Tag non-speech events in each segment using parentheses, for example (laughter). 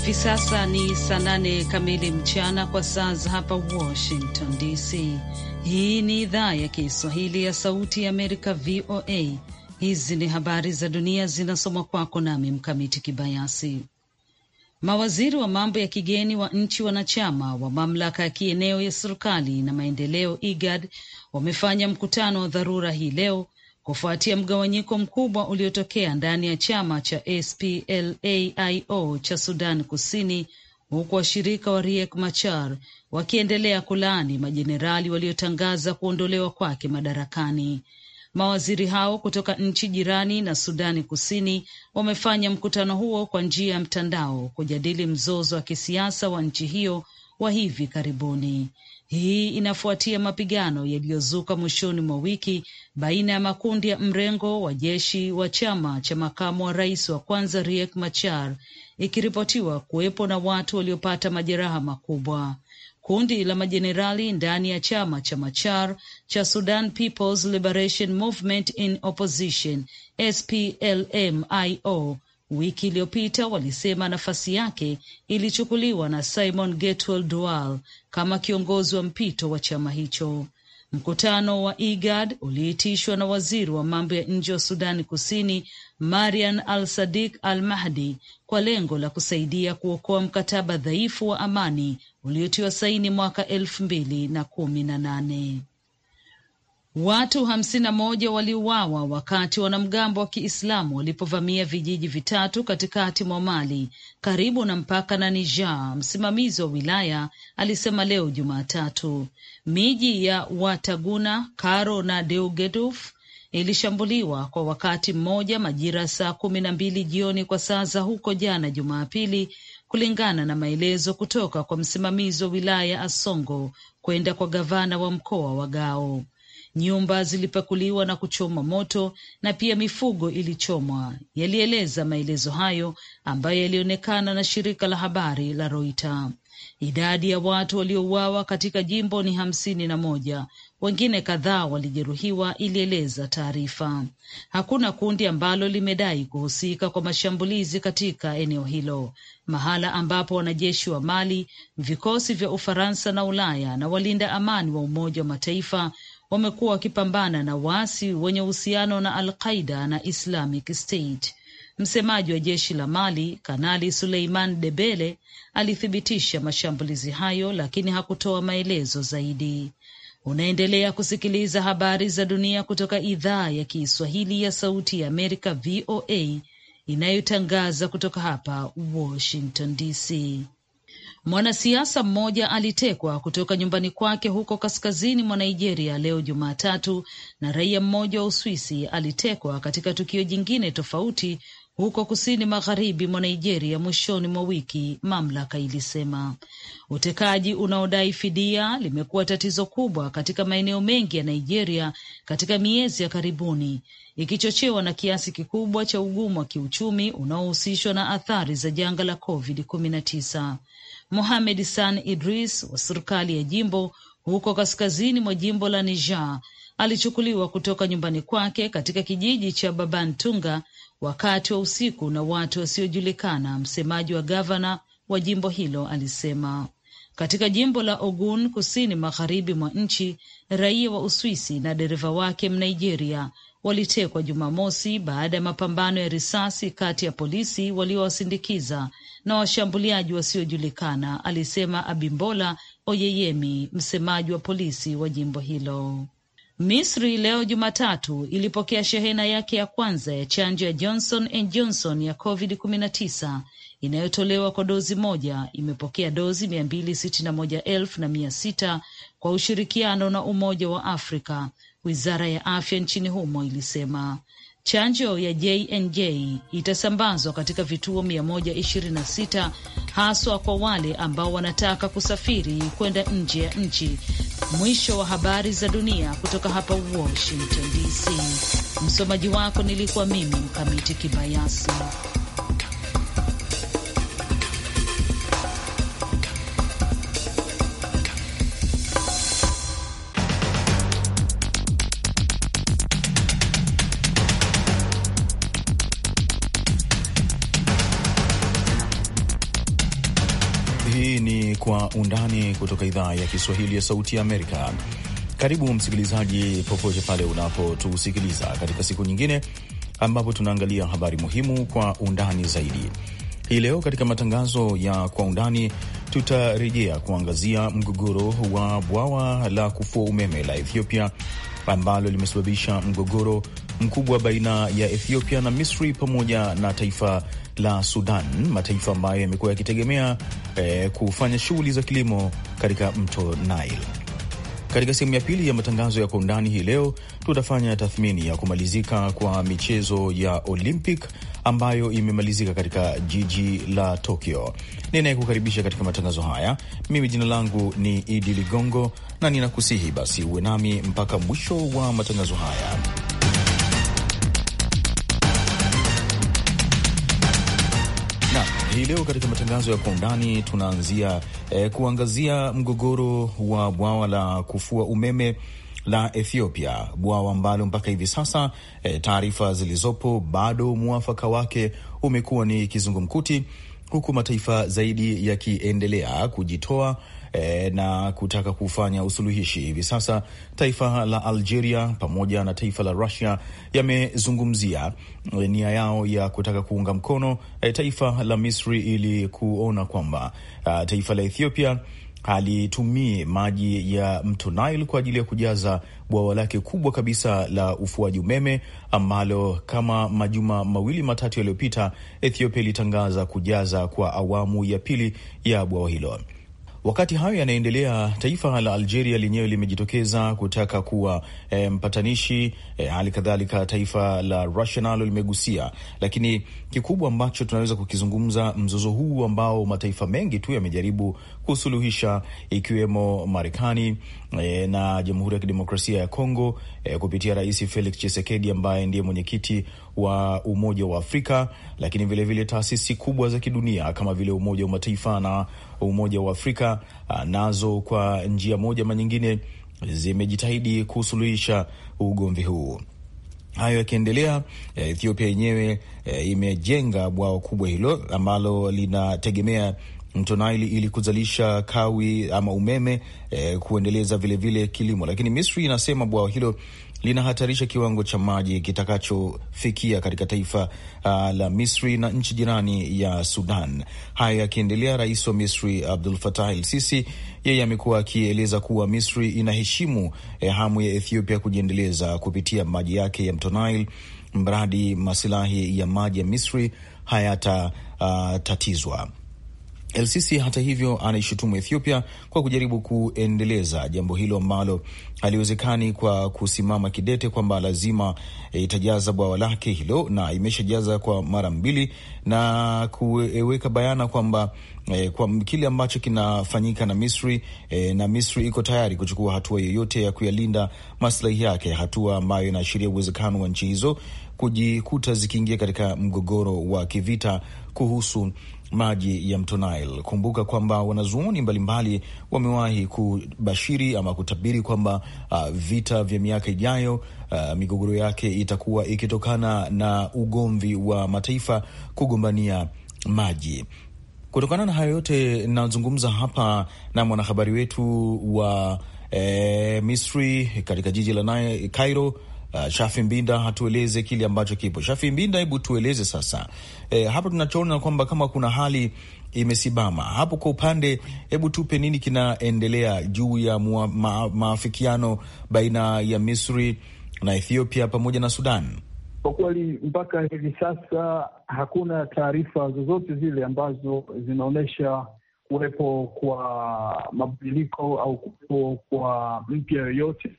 Hivi sasa ni saa nane kamili mchana kwa saa za hapa Washington DC. Hii ni idhaa ya Kiswahili ya Sauti ya Amerika, VOA. Hizi ni habari za dunia zinasomwa kwako nami Mkamiti Kibayasi. Mawaziri wa mambo ya kigeni wa nchi wanachama wa mamlaka ya kieneo ya serikali na maendeleo IGAD wamefanya mkutano wa dharura hii leo kufuatia mgawanyiko mkubwa uliotokea ndani ya chama cha SPLAIO cha Sudan Kusini, huku washirika wa Riek Machar wakiendelea kulaani majenerali waliotangaza kuondolewa kwake madarakani. Mawaziri hao kutoka nchi jirani na Sudani Kusini wamefanya mkutano huo kwa njia ya mtandao kujadili mzozo wa kisiasa wa nchi hiyo wa hivi karibuni. Hii inafuatia mapigano yaliyozuka mwishoni mwa wiki baina ya makundi ya mrengo wa jeshi wa chama cha makamu wa rais wa kwanza Riek Machar, ikiripotiwa kuwepo na watu waliopata majeraha makubwa. Kundi la majenerali ndani ya chama cha Machar cha Sudan People's Liberation Movement in Opposition, SPLMIO, wiki iliyopita walisema nafasi yake ilichukuliwa na Simon Getwell Dual kama kiongozi wa mpito wa chama hicho. Mkutano wa IGAD uliitishwa na waziri wa mambo ya nje wa Sudani Kusini Marian Al Sadik Al Mahdi kwa lengo la kusaidia kuokoa mkataba dhaifu wa amani uliotiwa saini mwaka elfu mbili na kumi na nane. Watu hamsini na moja waliuawa wakati wanamgambo wa Kiislamu walipovamia vijiji vitatu katikati mwa Mali karibu na mpaka na Niger. Msimamizi wa wilaya alisema leo Jumatatu miji ya Wataguna, Karo na Deugeduf ilishambuliwa kwa wakati mmoja majira saa kumi na mbili jioni kwa saa za huko jana Jumapili, kulingana na maelezo kutoka kwa msimamizi wa wilaya ya Asongo kwenda kwa gavana wa mkoa wa Gao nyumba zilipakuliwa na kuchoma moto na pia mifugo ilichomwa, yalieleza maelezo hayo ambayo yalionekana na shirika la habari la roita Idadi ya watu waliouawa katika jimbo ni hamsini na moja. Wengine kadhaa walijeruhiwa, ilieleza taarifa. Hakuna kundi ambalo limedai kuhusika kwa mashambulizi katika eneo hilo, mahala ambapo wanajeshi wa Mali, vikosi vya Ufaransa na Ulaya na walinda amani wa Umoja wa Mataifa wamekuwa wakipambana na waasi wenye uhusiano na Al-Qaida na Islamic State. Msemaji wa jeshi la Mali, Kanali Suleiman Debele, alithibitisha mashambulizi hayo lakini hakutoa maelezo zaidi. Unaendelea kusikiliza habari za dunia kutoka idhaa ya Kiswahili ya Sauti ya Amerika, VOA, inayotangaza kutoka hapa Washington DC. Mwanasiasa mmoja alitekwa kutoka nyumbani kwake huko kaskazini mwa Nigeria leo Jumatatu, na raia mmoja wa Uswisi alitekwa katika tukio jingine tofauti huko kusini magharibi mwa Nigeria mwishoni mwa wiki, mamlaka ilisema. Utekaji unaodai fidia limekuwa tatizo kubwa katika maeneo mengi ya Nigeria katika miezi ya karibuni, ikichochewa na kiasi kikubwa cha ugumu wa kiuchumi unaohusishwa na athari za janga la COVID-19. Mohamed San Idris wa serikali ya jimbo huko kaskazini mwa jimbo la Niger alichukuliwa kutoka nyumbani kwake katika kijiji cha Babantunga wakati wa usiku na watu wasiojulikana, msemaji wa gavana wa jimbo hilo alisema. Katika jimbo la Ogun kusini magharibi mwa nchi, raia wa Uswisi na dereva wake Mnigeria walitekwa Jumamosi baada ya mapambano ya risasi kati ya polisi waliowasindikiza na washambuliaji wasiojulikana, alisema Abimbola Oyeyemi, msemaji wa polisi wa jimbo hilo. Misri leo Jumatatu ilipokea shehena yake ya kwanza ya chanjo ya Johnson and Johnson ya COVID-19 inayotolewa kwa dozi moja. Imepokea dozi mia mbili sitini na moja elfu na mia sita kwa ushirikiano na Umoja wa Afrika Wizara ya afya nchini humo ilisema chanjo ya JNJ itasambazwa katika vituo 126 haswa kwa wale ambao wanataka kusafiri kwenda nje ya nchi. Mwisho wa habari za dunia kutoka hapa Washington DC. Msomaji wako nilikuwa mimi Mkamiti Kibayasi. undani kutoka idhaa ya Kiswahili ya Sauti ya Amerika. Karibu msikilizaji, popote pale unapotusikiliza katika siku nyingine ambapo tunaangalia habari muhimu kwa undani zaidi. Hii leo katika matangazo ya kwa undani tutarejea kuangazia mgogoro wa bwawa la kufua umeme la Ethiopia ambalo limesababisha mgogoro mkubwa baina ya Ethiopia na Misri pamoja na taifa la Sudan, mataifa ambayo yamekuwa yakitegemea eh, kufanya shughuli za kilimo katika mto Nile. Katika sehemu ya pili ya matangazo ya kwa undani hii leo, tutafanya tathmini ya kumalizika kwa michezo ya Olympic ambayo imemalizika katika jiji la Tokyo. Ninayekukaribisha katika matangazo haya mimi, jina langu ni Idi Ligongo, na ninakusihi basi uwe nami mpaka mwisho wa matangazo haya. Hii leo katika matangazo ya kwa undani tunaanzia eh, kuangazia mgogoro wa bwawa la kufua umeme la Ethiopia, bwawa ambalo mpaka hivi sasa eh, taarifa zilizopo bado mwafaka wake umekuwa ni kizungumkuti, huku mataifa zaidi yakiendelea kujitoa e, na kutaka kufanya usuluhishi. Hivi sasa taifa la Algeria pamoja na taifa la Russia yamezungumzia e, nia yao ya kutaka kuunga mkono e, taifa la Misri ili kuona kwamba a, e, taifa la Ethiopia halitumii maji ya mto Nile kwa ajili ya kujaza bwawa lake kubwa kabisa la ufuaji umeme ambalo kama majuma mawili matatu yaliyopita Ethiopia ilitangaza kujaza kwa awamu ya pili ya bwawa hilo. Wakati hayo yanaendelea, taifa la Algeria lenyewe limejitokeza kutaka kuwa e, mpatanishi. Eh, hali e, kadhalika taifa la Russia nalo limegusia, lakini kikubwa ambacho tunaweza kukizungumza, mzozo huu ambao mataifa mengi tu yamejaribu kusuluhisha ikiwemo Marekani e, na Jamhuri ya Kidemokrasia ya Kongo e, kupitia Rais Felix Tshisekedi ambaye ndiye mwenyekiti wa Umoja wa Afrika, lakini vilevile taasisi kubwa za kidunia kama vile Umoja wa Mataifa na Umoja wa Afrika ah, nazo kwa njia moja ama nyingine zimejitahidi kusuluhisha ugomvi huu. Hayo yakiendelea, eh, Ethiopia yenyewe e, imejenga bwawa kubwa hilo ambalo linategemea mto Naili ili kuzalisha kawi ama umeme, e, kuendeleza vilevile vile kilimo, lakini Misri inasema bwawa hilo linahatarisha kiwango cha maji kitakachofikia katika taifa uh, la Misri na nchi jirani ya Sudan. Hayo yakiendelea, rais wa Misri Abdul Fatah El Sisi yeye amekuwa akieleza kuwa Misri inaheshimu eh, hamu ya Ethiopia kujiendeleza kupitia maji yake ya mto Nile, mradi masilahi ya maji ya Misri hayatatatizwa. Uh, El Sisi hata hivyo anaishutumu Ethiopia kwa kujaribu kuendeleza jambo hilo ambalo haliwezekani kwa kusimama kidete kwamba lazima itajaza bwawa lake hilo, na imeshajaza kwa mara mbili, na kuweka bayana kwamba eh, kwa kile ambacho kinafanyika na Misri eh, na Misri iko tayari kuchukua hatua yoyote ya kuyalinda maslahi yake, hatua ambayo inaashiria uwezekano wa nchi hizo kujikuta zikiingia katika mgogoro wa kivita kuhusu maji ya mto Nile. Kumbuka kwamba wanazuoni mbalimbali wamewahi kubashiri ama kutabiri kwamba uh, vita vya miaka ijayo uh, migogoro yake itakuwa ikitokana na ugomvi wa mataifa kugombania maji. Kutokana na hayo yote, nazungumza hapa na mwanahabari wetu wa E, Misri katika jiji la Cairo Uh, Shafi Mbinda atueleze kile ambacho kipo. Shafi Mbinda, hebu tueleze sasa, e, hapa tunachoona kwamba kama kuna hali imesimama hapo kwa upande, hebu tupe nini kinaendelea juu ya mua, ma, maafikiano baina ya Misri na Ethiopia pamoja na Sudan. Kwa kweli mpaka hivi sasa hakuna taarifa zozote zile ambazo zinaonyesha kuwepo kwa mabadiliko au kuwepo kwa mpya yoyote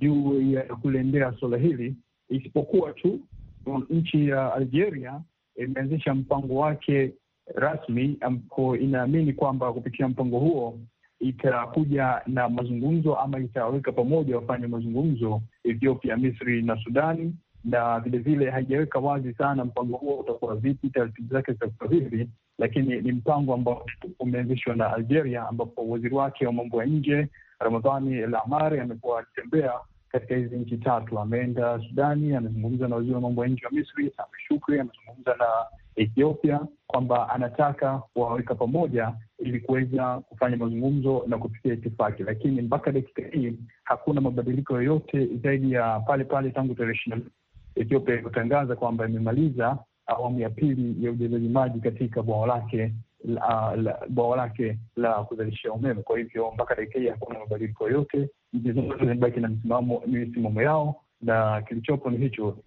juu ya kuliendea suala hili, isipokuwa tu um, nchi ya Algeria imeanzisha mpango wake rasmi, ambapo inaamini kwamba kupitia mpango huo itakuja na mazungumzo ama itaweka pamoja wafanye mazungumzo Ethiopia, Misri na Sudani, na vilevile haijaweka wazi sana mpango huo utakuwa vipi, taratibu zake zitakuwa vipi, lakini ni mpango ambao umeanzishwa na Algeria, ambapo waziri wake wa mambo ya nje Ramadhani El Amari amekuwa akitembea katika hizi nchi tatu. Ameenda Sudani, amezungumza na waziri wa mambo ya nje wa Misri Sami Shukri, amezungumza na Ethiopia kwamba anataka kuwaweka pamoja ili kuweza kufanya mazungumzo na kufikia itifaki, lakini mpaka dakika hii hakuna mabadiliko yoyote zaidi ya pale pale tangu tarehe Ethiopia ilivyotangaza kwamba imemaliza awamu ya pili ya ujazaji maji katika bwawa lake bwawa lake la kuzalishia umeme. Kwa hivyo mpaka dakika hii hakuna mabadiliko yoyote, nchi zote zimebaki na msimamo misimamo yao, na kilichopo ni hicho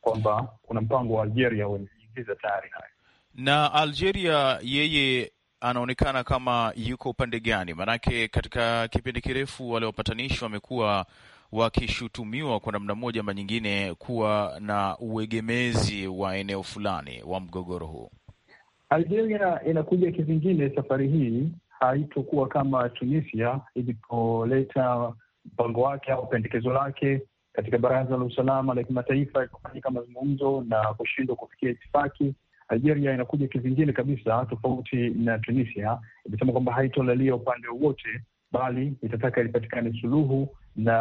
kwamba kuna mpango wa Algeria weneingiza tayari hayo, na Algeria yeye anaonekana kama yuko upande gani? Maanake katika kipindi kirefu wale wapatanishi wamekuwa wakishutumiwa kwa namna moja ama nyingine kuwa na uegemezi wa eneo fulani wa mgogoro huu. Algeria inakuja kivingine safari hii, haitokuwa kama Tunisia ilipoleta mpango wake au pendekezo lake katika Baraza la Usalama la Kimataifa kufanyika mazungumzo na kushindwa kufikia itifaki. Algeria inakuja kivingine kabisa, tofauti na Tunisia. Imesema kwamba haitolalia upande wowote, bali itataka ilipatikane suluhu na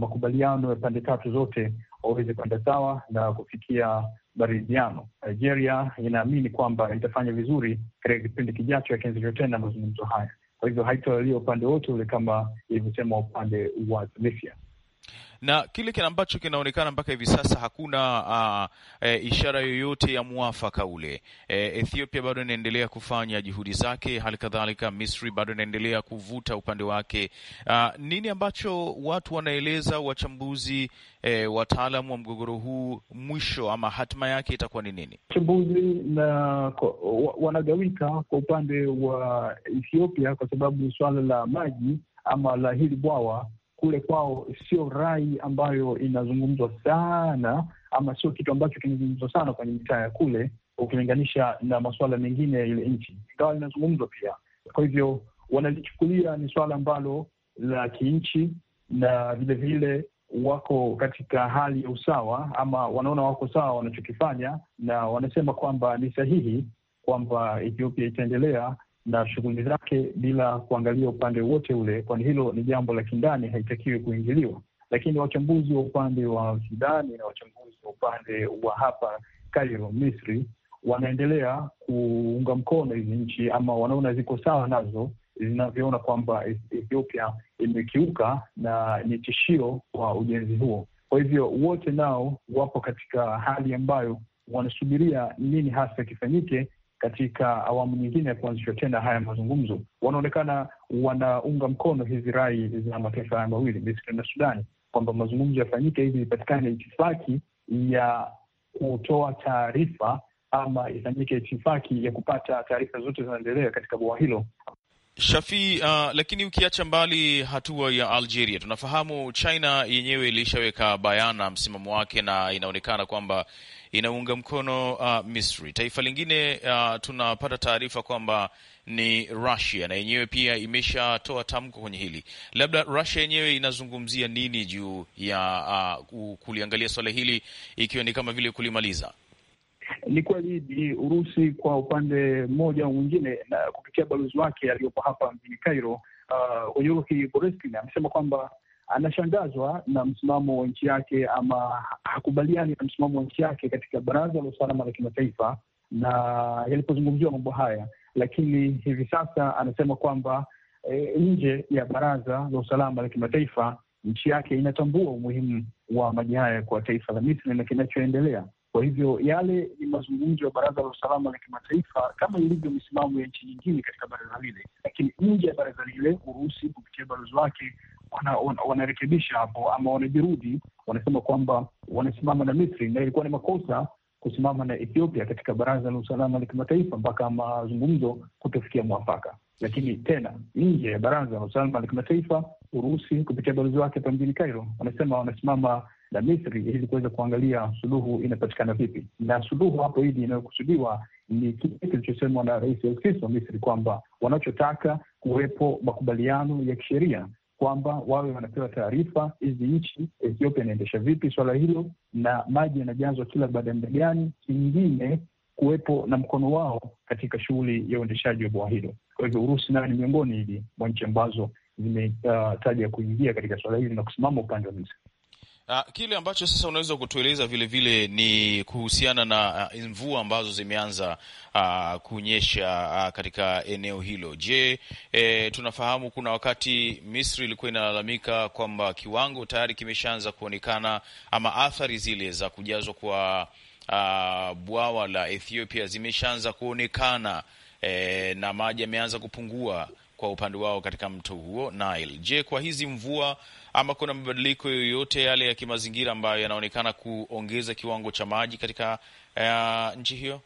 makubaliano ya pande tatu zote waweze kwenda sawa na kufikia maridhiano. Nigeria inaamini kwamba itafanya vizuri katika kipindi kijacho, yakianzishwa tena mazungumzo haya. Kwa hivyo haitalalia upande wote ule kama ilivyosema upande wa Tunisia na kile kile ambacho kinaonekana mpaka hivi sasa hakuna uh, e, ishara yoyote ya mwafaka ule. E, Ethiopia bado inaendelea kufanya juhudi zake, hali kadhalika Misri bado inaendelea kuvuta upande wake. Uh, nini ambacho watu wanaeleza wachambuzi, e, eh, wataalam wa mgogoro huu, mwisho ama hatima yake itakuwa ni nini? Wachambuzi na wanagawika kwa upande wa Ethiopia kwa sababu suala la maji ama la hili bwawa kule kwao sio rai ambayo inazungumzwa sana, ama sio kitu ambacho kinazungumzwa sana kwenye mitaa ya kule ukilinganisha na masuala mengine ya ile nchi, ingawa linazungumzwa pia. Kwa hivyo wanalichukulia ni suala ambalo la kinchi, na vilevile wako katika hali ya usawa, ama wanaona wako sawa wanachokifanya, na wanasema kwamba ni sahihi kwamba Ethiopia itaendelea na shughuli zake bila kuangalia upande wote ule, kwani hilo ni jambo la kindani, haitakiwi kuingiliwa. Lakini wachambuzi wa upande wa Sudani na wachambuzi wa upande wa hapa Kairo, Misri, wanaendelea kuunga mkono hizi nchi ama wanaona ziko sawa nazo zinavyoona kwamba Ethiopia imekiuka na ni tishio kwa ujenzi huo. Kwa hivyo wote nao wapo katika hali ambayo wanasubiria nini hasa kifanyike katika awamu nyingine ya kuanzishwa tena haya mazungumzo, wanaonekana wanaunga mkono hizi rai za mataifa haya mawili Misri na Sudani kwamba mazungumzo yafanyike hivi ipatikane itifaki ya kutoa taarifa ama ifanyike itifaki ya kupata taarifa zote zinaendelea katika bwawa hilo Shafi, uh, lakini ukiacha mbali hatua ya Algeria, tunafahamu China yenyewe ilishaweka bayana msimamo wake na inaonekana kwamba inaunga mkono uh, Misri. Taifa lingine uh, tunapata taarifa kwamba ni Russia na yenyewe pia imeshatoa tamko kwenye hili. Labda Russia yenyewe inazungumzia nini juu ya uh, kuliangalia swala hili ikiwa ni kama vile kulimaliza? Ni kweli Urusi kwa upande mmoja au mwingine, na kupitia balozi wake aliyopo hapa mjini Cairo, uh, Uyoki amesema kwamba anashangazwa na msimamo wa nchi yake ama hakubaliani na msimamo wa nchi yake katika Baraza la Usalama la Kimataifa na yalipozungumziwa mambo haya, lakini hivi sasa anasema kwamba e, nje ya Baraza la Usalama la Kimataifa nchi yake inatambua umuhimu wa maji haya kwa taifa la Misri na kinachoendelea. Kwa hivyo yale ni mazungumzo ya Baraza la Usalama la Kimataifa kama ilivyo misimamo ya nchi nyingine katika baraza lile, lakini nje ya baraza lile Urusi kupitia balozi wake wanarekebisha wana, wana hapo ama wanajirudi, wanasema kwamba wanasimama na Misri na ilikuwa ni makosa kusimama na Ethiopia katika Baraza la Usalama la Kimataifa mpaka mazungumzo kutofikia mwafaka. Lakini tena nje ya Baraza la Usalama la Kimataifa, Urusi kupitia balozi wake hapa mjini Cairo wanasema wanasimama la Misri ili kuweza kuangalia suluhu inapatikana vipi, na suluhu hapo hili inayokusudiwa ni kile kilichosemwa na Rais El-Sisi wa Misri kwamba wanachotaka kuwepo makubaliano ya kisheria kwamba wawe wanapewa taarifa hizi nchi, Ethiopia inaendesha vipi swala hilo, na maji yanajazwa kila baada ya muda gani, kingine kuwepo na mkono wao katika shughuli ya uendeshaji wa bwawa hilo. Kwa hivyo Urusi nayo ni miongoni hivi mwa nchi ambazo zimetaja uh, kuingia katika swala hili na kusimama upande wa Misri. Uh, kile ambacho sasa unaweza kutueleza vilevile ni kuhusiana na uh, mvua ambazo zimeanza uh, kunyesha uh, katika eneo hilo. Je, eh, tunafahamu kuna wakati Misri ilikuwa inalalamika kwamba kiwango tayari kimeshaanza kuonekana ama athari zile za kujazwa kwa uh, bwawa la Ethiopia zimeshaanza kuonekana eh, na maji yameanza kupungua kwa upande wao katika mto huo Nile. Je, kwa hizi mvua ama kuna mabadiliko yoyote yale ya kimazingira ambayo yanaonekana kuongeza kiwango cha maji katika uh, nchi hiyo?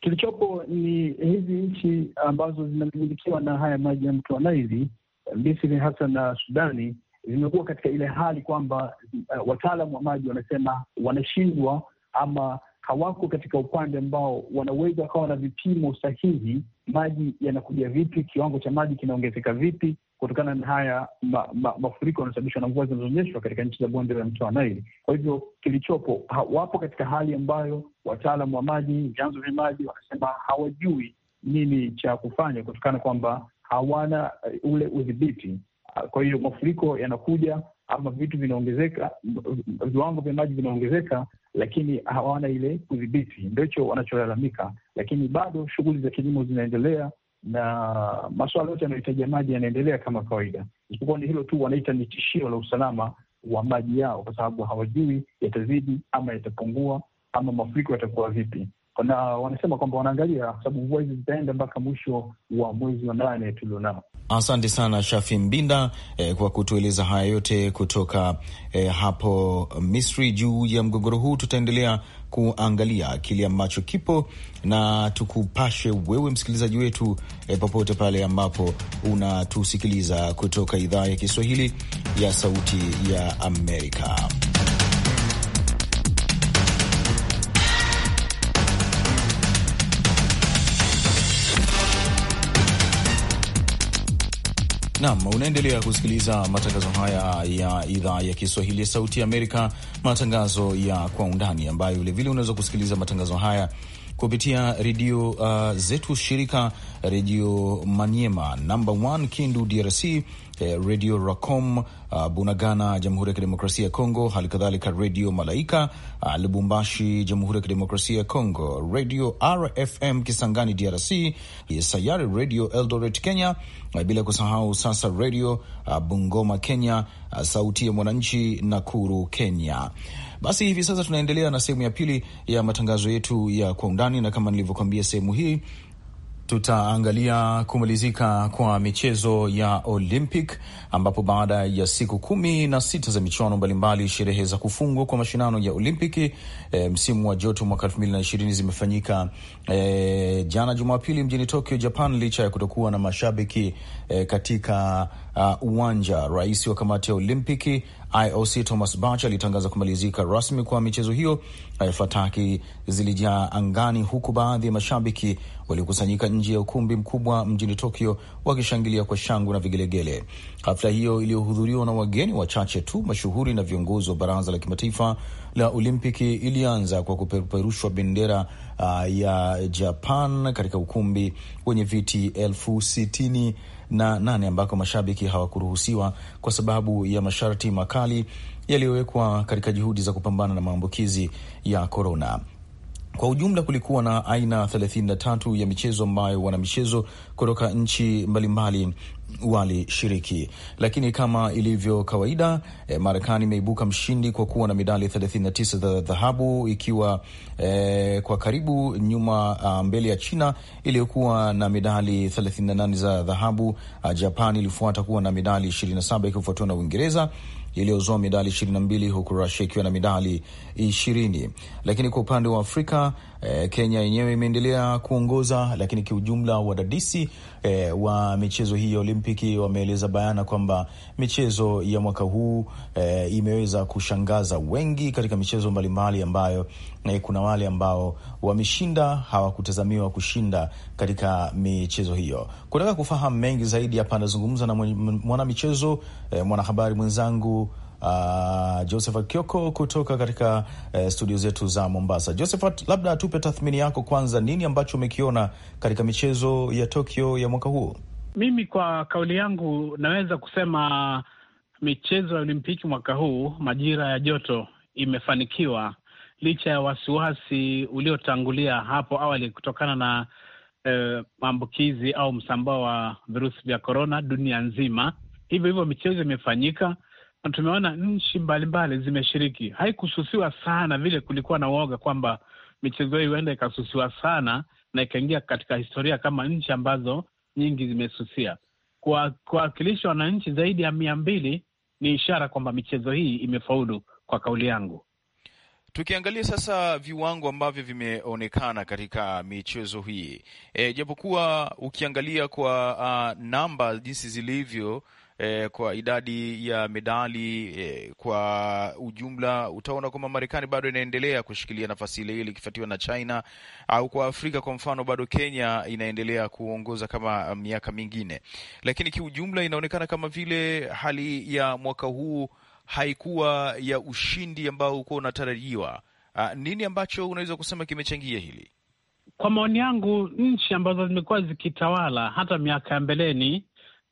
Kilichopo ni hizi nchi ambazo zinamilikiwa na haya maji ya mto Nile, Misri hasa na Sudani, zimekuwa katika ile hali kwamba uh, eh, wataalam wa maji wanasema wanashindwa ama hawako katika upande ambao wanaweza wakawa na vipimo sahihi, maji yanakuja vipi, kiwango cha maji kinaongezeka vipi, kutokana na haya mafuriko yanayosababishwa na mvua zinazoonyeshwa katika nchi za bonde la mto wa Naili. Kwa hivyo kilichopo ha, wapo katika hali ambayo wataalam wa maji, vyanzo vya maji wanasema hawajui nini cha kufanya kutokana kwamba hawana uh, ule udhibiti uh, kwa hiyo mafuriko yanakuja ama vitu vinaongezeka, viwango vya maji vinaongezeka, lakini hawana ile kudhibiti, ndicho wanacholalamika. Lakini bado shughuli za kilimo zinaendelea, na masuala yote yanayohitaji maji yanaendelea kama kawaida, isipokuwa ni hilo tu wanaita ni tishio la usalama wa maji yao, kwa sababu hawajui yatazidi ama yatapungua ama mafuriko yatakuwa vipi na wanasema kwamba wanaangalia kwa sababu mvua hizi zitaenda mpaka mwisho wa mwezi wa nane tulionao. Asante sana Shafi Mbinda eh, kwa kutueleza haya yote kutoka eh, hapo Misri juu ya mgogoro huu. Tutaendelea kuangalia kile ambacho kipo na tukupashe wewe msikilizaji wetu eh, popote pale ambapo unatusikiliza kutoka idhaa ya Kiswahili ya Sauti ya Amerika. Nam, unaendelea kusikiliza matangazo haya ya idhaa ya Kiswahili ya Sauti ya Amerika, matangazo ya Kwa Undani, ambayo vilevile unaweza kusikiliza matangazo haya kupitia redio uh, zetu shirika, Redio Maniema namba 1 Kindu, DRC, eh, redio Racom uh, Bunagana, Jamhuri ya Kidemokrasia ya Kongo, hali kadhalika redio Malaika uh, Lubumbashi, Jamhuri ya Kidemokrasia ya Kongo, redio RFM Kisangani DRC, eh, Sayari redio Eldoret Kenya, uh, bila kusahau sasa redio uh, ah, Bungoma Kenya, uh, Sauti ya Mwananchi Nakuru Kenya. Basi hivi sasa tunaendelea na sehemu ya pili ya matangazo yetu ya Kwa Undani, na kama nilivyokuambia sehemu hii tutaangalia kumalizika kwa michezo ya Olympic ambapo baada ya siku kumi na sita za michuano mbalimbali, sherehe za kufungwa kwa mashindano ya olympic e, msimu wa joto mwaka elfu mbili na ishirini zimefanyika e, jana Jumapili mjini Tokyo, Japan, licha ya kutokuwa na mashabiki e, katika uh, uwanja. Rais wa kamati ya Olimpiki IOC Thomas Bach alitangaza kumalizika rasmi kwa michezo hiyo. Fataki zilijaa angani, huku baadhi ya mashabiki waliokusanyika nje ya ukumbi mkubwa mjini Tokyo wakishangilia kwa shangwe na vigelegele. Hafla hiyo iliyohudhuriwa na wageni wachache tu mashuhuri na viongozi wa Baraza la Kimataifa la Olimpiki ilianza kwa kupeperushwa bendera uh, ya Japan katika ukumbi wenye viti elfu sitini na nane ambako mashabiki hawakuruhusiwa kwa sababu ya masharti makali yaliyowekwa katika juhudi za kupambana na maambukizi ya korona. Kwa ujumla kulikuwa na aina 33 ya michezo ambayo wanamichezo kutoka nchi mbalimbali walishiriki, lakini kama ilivyo kawaida eh, Marekani imeibuka mshindi kwa kuwa na midali 39 za dhahabu ikiwa eh, kwa karibu nyuma uh, mbele ya China iliyokuwa na midali 38 za dhahabu. Uh, Japan ilifuata kuwa na midali 27 ikifuatiwa na Uingereza iliyozoa medali 22 huku Rusia ikiwa na medali 20. Lakini kwa upande wa Afrika E, Kenya yenyewe imeendelea kuongoza, lakini kiujumla wadadisi e, wa michezo hii ya Olimpiki wameeleza bayana kwamba michezo ya mwaka huu e, imeweza kushangaza wengi katika michezo mbalimbali ambayo e, kuna wale ambao wameshinda hawakutazamiwa kushinda katika michezo hiyo. Kutaka kufahamu mengi zaidi, hapa anazungumza na mwanamichezo mwana e, mwanahabari mwenzangu uh, Josephat Kioko kutoka katika uh, studio zetu za Mombasa. Josephat, labda tupe tathmini yako kwanza, nini ambacho umekiona katika michezo ya Tokyo ya mwaka huo Mimi kwa kauli yangu naweza kusema michezo ya Olimpiki mwaka huu majira ya joto imefanikiwa licha ya wasiwasi uliotangulia hapo awali kutokana na eh, maambukizi au msambao wa virusi vya korona dunia nzima. Hivyo hivyo michezo imefanyika na tumeona nchi mbalimbali zimeshiriki. Haikususiwa sana vile, kulikuwa na uoga kwamba michezo hii huenda ikasusiwa sana na ikaingia katika historia kama nchi ambazo nyingi zimesusia. Kuwakilisha wananchi zaidi ya mia mbili ni ishara kwamba michezo hii imefaulu, kwa kauli yangu. Tukiangalia sasa viwango ambavyo vimeonekana katika michezo hii e, japokuwa ukiangalia kwa uh, namba jinsi zilivyo eh, kwa idadi ya medali eh, kwa ujumla, utaona kwamba Marekani bado inaendelea kushikilia nafasi ile ile ikifuatiwa na China. Au kwa Afrika kwa mfano, bado Kenya inaendelea kuongoza kama um, miaka mingine, lakini kiujumla inaonekana kama vile hali ya mwaka huu haikuwa ya ushindi ambao ukuwa unatarajiwa. Uh, nini ambacho unaweza kusema kimechangia hili? Kwa maoni yangu, nchi ambazo zimekuwa zikitawala hata miaka ya mbeleni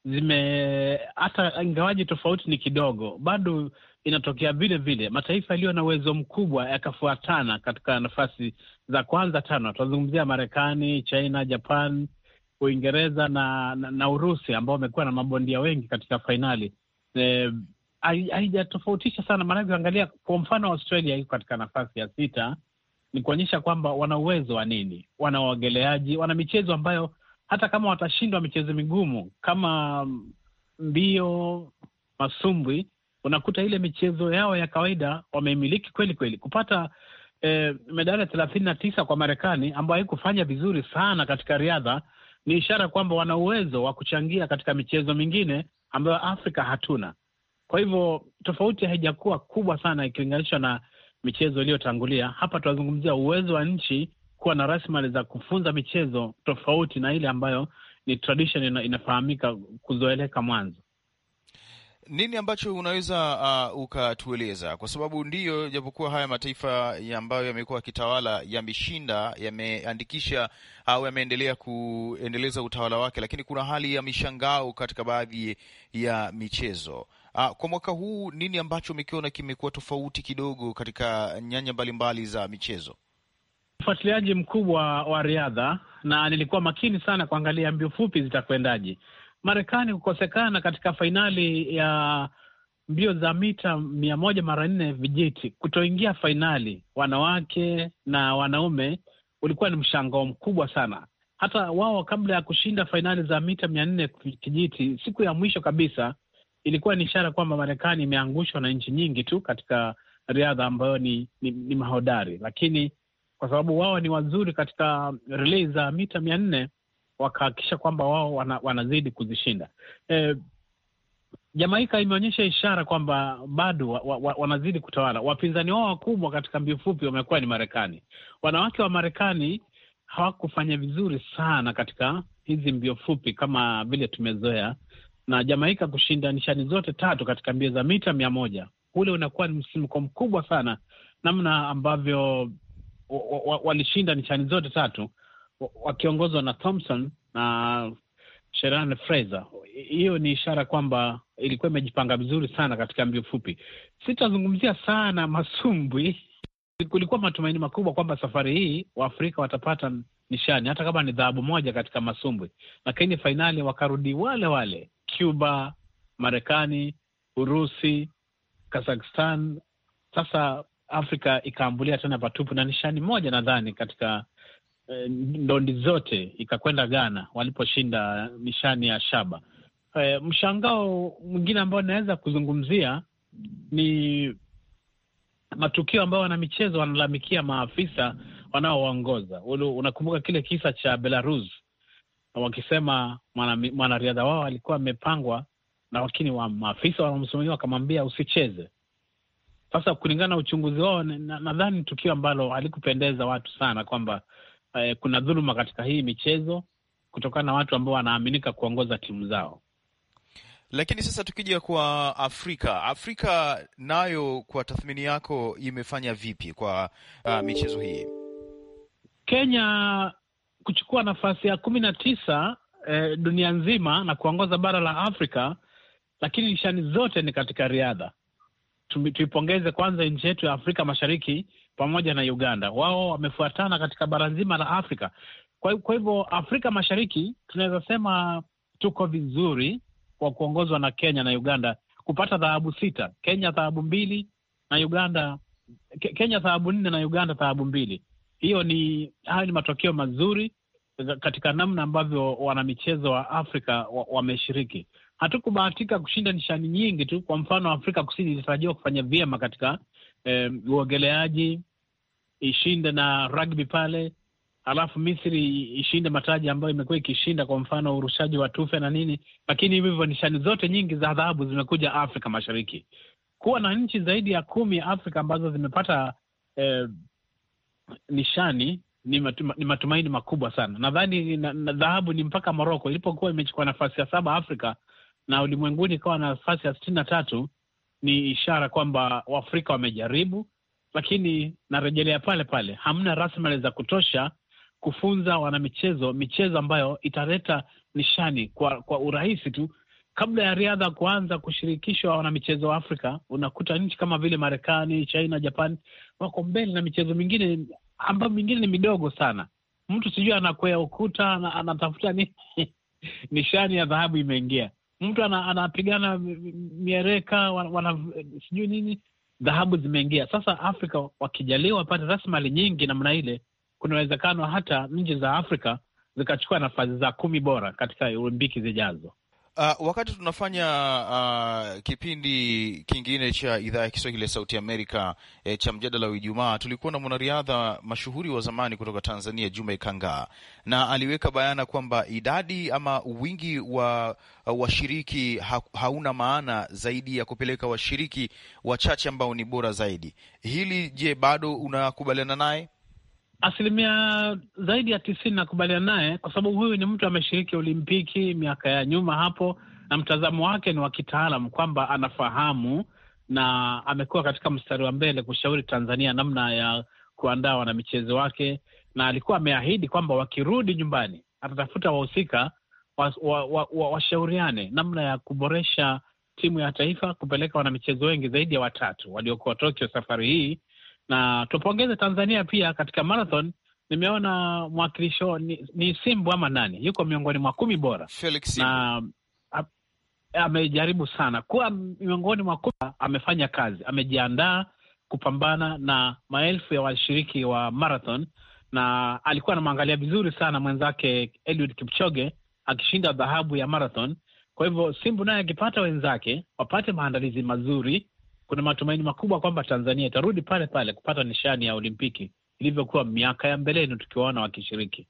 zime hata ingawaji tofauti ni kidogo, bado inatokea vile vile. Mataifa yaliyo na uwezo mkubwa yakafuatana katika nafasi za kwanza tano. Tunazungumzia Marekani, China, Japan, Uingereza na, na, na Urusi ambao wamekuwa na mabondia wengi katika fainali e, haijatofautisha sana maanake, angalia kwa mfano Australia iko katika nafasi ya sita, ni kuonyesha kwamba wana uwezo wa nini, wana waogeleaji, wana michezo ambayo hata kama watashindwa michezo migumu kama mbio, masumbwi, unakuta ile michezo yao ya kawaida wameimiliki kweli kweli. Kupata eh, medali thelathini na tisa kwa Marekani ambayo haikufanya vizuri sana katika riadha ni ishara kwamba wana uwezo wa kuchangia katika michezo mingine ambayo Afrika hatuna. Kwa hivyo tofauti haijakuwa kubwa sana ikilinganishwa na michezo iliyotangulia. Hapa tunazungumzia uwezo wa nchi kuwa na rasilimali za kufunza michezo tofauti na ile ambayo ni tradition ina, inafahamika kuzoeleka mwanzo. Nini ambacho unaweza uh, ukatueleza kwa sababu ndiyo, japokuwa haya mataifa ya ambayo yamekuwa kitawala yameshinda, yameandikisha au yameendelea kuendeleza utawala wake, lakini kuna hali ya mishangao katika baadhi ya michezo uh, kwa mwaka huu, nini ambacho umekiona kimekuwa tofauti kidogo katika nyanja mbalimbali za michezo? mfuatiliaji mkubwa wa riadha na nilikuwa makini sana kuangalia mbio fupi zitakwendaje. Marekani kukosekana katika fainali ya mbio za mita mia moja mara nne vijiti, kutoingia fainali wanawake na wanaume ulikuwa ni mshangao mkubwa sana. Hata wao kabla ya kushinda fainali za mita mia nne kijiti, siku ya mwisho kabisa ilikuwa ni ishara kwamba Marekani imeangushwa na nchi nyingi tu katika riadha ambayo ni, ni, ni mahodari, lakini kwa sababu wao ni wazuri katika relei za mita mia nne, wakahakikisha kwamba wao wana, wanazidi kuzishinda e, Jamaika imeonyesha ishara kwamba bado wa, wa, wanazidi kutawala. Wapinzani wao wakubwa katika mbio fupi wamekuwa ni Marekani. Wanawake wa Marekani hawakufanya vizuri sana katika hizi mbio fupi kama vile tumezoea, na Jamaika kushinda nishani zote tatu katika mbio za mita mia moja, ule unakuwa ni msimko mkubwa sana, namna ambavyo walishinda wa, wa nishani zote tatu wakiongozwa na Thompson na Sheran Fraser. Hiyo ni ishara kwamba ilikuwa imejipanga vizuri sana katika mbio fupi. Sitazungumzia sana masumbwi. Kulikuwa matumaini makubwa kwamba safari hii Waafrika watapata nishani hata kama ni dhahabu moja katika masumbwi, lakini fainali wakarudi wale wale: Cuba, Marekani, Urusi, Kazakhstan. Sasa Afrika ikaambulia tena patupu na nishani moja nadhani katika eh, ndondi zote ikakwenda Ghana waliposhinda nishani ya shaba. Eh, mshangao mwingine ambao inaweza kuzungumzia ni matukio ambayo wanamichezo wanalalamikia maafisa wanaoongoza. Unakumbuka kile kisa cha Belarus wakisema mwanariadha mwana wao alikuwa amepangwa, lakini wa maafisa wanamsimamia wakamwambia usicheze. Sasa kulingana na uchunguzi wao, nadhani na tukio ambalo halikupendeza watu sana kwamba eh, kuna dhuluma katika hii michezo kutokana na watu ambao wanaaminika kuongoza timu zao. Lakini sasa tukija kwa Afrika, Afrika nayo kwa tathmini yako imefanya vipi kwa uh, michezo hii? Kenya kuchukua nafasi ya kumi na tisa eh, dunia nzima na kuongoza bara la Afrika, lakini nishani zote ni katika riadha tuipongeze kwanza nchi yetu ya Afrika Mashariki pamoja na Uganda, wao wamefuatana katika bara nzima la Afrika. Kwa, kwa hivyo Afrika Mashariki tunaweza sema tuko vizuri kwa kuongozwa na Kenya na Uganda kupata dhahabu sita, Kenya dhahabu mbili na Uganda Ke, Kenya dhahabu nne na Uganda dhahabu mbili. Hiyo ni hayo ni matokeo mazuri katika namna ambavyo wanamichezo wa Afrika wameshiriki wa hatukubahatika kushinda nishani nyingi tu. Kwa mfano, Afrika Kusini ilitarajiwa kufanya vyema katika eh, uogeleaji, ishinde na rugby pale, alafu Misri ishinde mataji ambayo imekuwa ikishinda, kwa mfano urushaji wa tufe na nini. Lakini hivyo hivyo nishani zote nyingi za dhahabu zimekuja Afrika Mashariki. Kuwa na nchi zaidi ya kumi Afrika ambazo zimepata eh, nishani ni matumaini makubwa sana. Nadhani dhahabu na, na ni mpaka Moroko ilipokuwa imechukua nafasi ya saba Afrika na ulimwenguni ikawa na nafasi ya sitini na tatu ni ishara kwamba Waafrika wamejaribu, lakini narejelea pale pale, hamna rasilimali za kutosha kufunza wanamichezo michezo ambayo italeta nishani kwa, kwa urahisi tu. Kabla ya riadha kuanza kushirikishwa wanamichezo wa Afrika, unakuta nchi kama vile Marekani, China, Japan wako mbele na michezo mingine ambayo mingine ni midogo sana. Mtu sijui anakwea ukuta anatafuta ni (laughs) nishani ya dhahabu imeingia mtu anapigana miereka wana, sijui nini, dhahabu zimeingia sasa. Afrika wakijaliwa wapate rasilimali nyingi namna ile, kuna uwezekano hata nchi za Afrika zikachukua nafasi za kumi bora katika Olimpiki zijazo. Uh, wakati tunafanya uh, kipindi kingine cha idhaa ya Kiswahili ya Sauti Amerika eh, cha mjadala wa Ijumaa, tulikuwa na mwanariadha mashuhuri wa zamani kutoka Tanzania Juma Ikangaa, na aliweka bayana kwamba idadi ama wingi wa washiriki ha, hauna maana zaidi ya kupeleka washiriki wachache ambao ni bora zaidi. Hili je, bado unakubaliana naye? asilimia zaidi ya tisini nakubaliana naye, kwa sababu huyu ni mtu ameshiriki Olimpiki miaka ya nyuma hapo, na mtazamo wake ni wa kitaalam kwamba anafahamu na amekuwa katika mstari wa mbele kushauri Tanzania namna ya kuandaa wanamichezo wake, na alikuwa ameahidi kwamba wakirudi nyumbani atatafuta wahusika washauriane wa, wa, wa namna ya kuboresha timu ya taifa kupeleka wanamichezo wengi zaidi ya watatu waliokuwa Tokyo safari hii na tupongeze Tanzania pia katika marathon. Nimeona mwakilisho ni, ni Simbu ama nani, yuko miongoni mwa kumi bora Felix na amejaribu sana kuwa miongoni mwa kumi. Amefanya kazi, amejiandaa kupambana na maelfu ya washiriki wa marathon, na alikuwa anamwangalia vizuri sana mwenzake Eliud Kipchoge akishinda dhahabu ya marathon. Kwa hivyo Simbu naye akipata wenzake wapate maandalizi mazuri kuna matumaini makubwa kwamba Tanzania itarudi pale pale kupata nishani ya Olimpiki ilivyokuwa miaka ya mbeleni tukiwaona wakishiriki.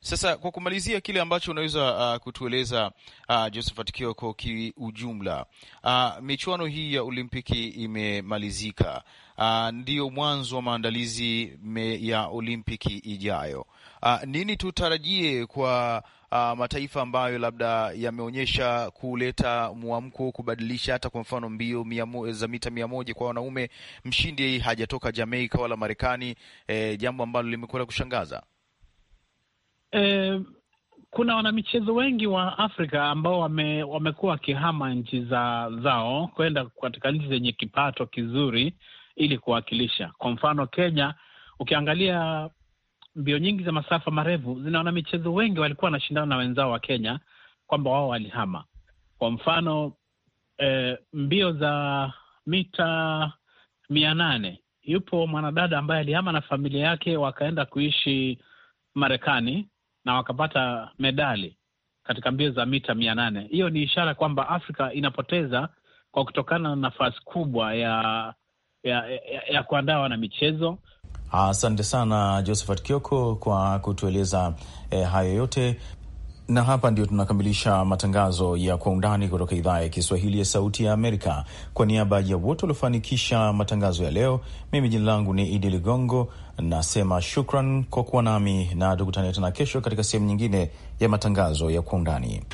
Sasa kwa kumalizia, kile ambacho unaweza uh, kutueleza uh, Josephat Kioko kiujumla, uh, michuano hii ya Olimpiki imemalizika, uh, ndiyo mwanzo wa maandalizi ya Olimpiki ijayo. Uh, nini tutarajie kwa uh, mataifa ambayo labda yameonyesha kuleta mwamko, kubadilisha hata kwa mfano mbio eh, za mita mia moja kwa wanaume, mshindi hajatoka Jamaika wala Marekani, eh, jambo ambalo limekuwa la kushangaza eh... Kuna wanamichezo wengi wa Afrika ambao wame, wamekuwa wakihama nchi za zao kwenda katika nchi zenye kipato kizuri ili kuwakilisha. Kwa mfano Kenya, ukiangalia mbio nyingi za masafa marefu zina wanamichezo wengi walikuwa wanashindana na wenzao wa Kenya kwamba wao walihama. Kwa mfano eh, mbio za mita mia nane yupo mwanadada ambaye alihama na familia yake wakaenda kuishi Marekani na wakapata medali katika mbio za mita mia nane. Hiyo ni ishara kwamba Afrika inapoteza kwa kutokana na nafasi kubwa ya ya, ya, ya kuandaa wanamichezo Asante sana Josephat Kioko kwa kutueleza eh, hayo yote na hapa ndio tunakamilisha matangazo ya Kwa Undani kutoka idhaa ya Kiswahili ya Sauti ya Amerika. Kwa niaba ya wote waliofanikisha matangazo ya leo, mimi jina langu ni Idi Ligongo, nasema shukran kwa kuwa nami na tukutane tena kesho katika sehemu nyingine ya matangazo ya Kwa Undani.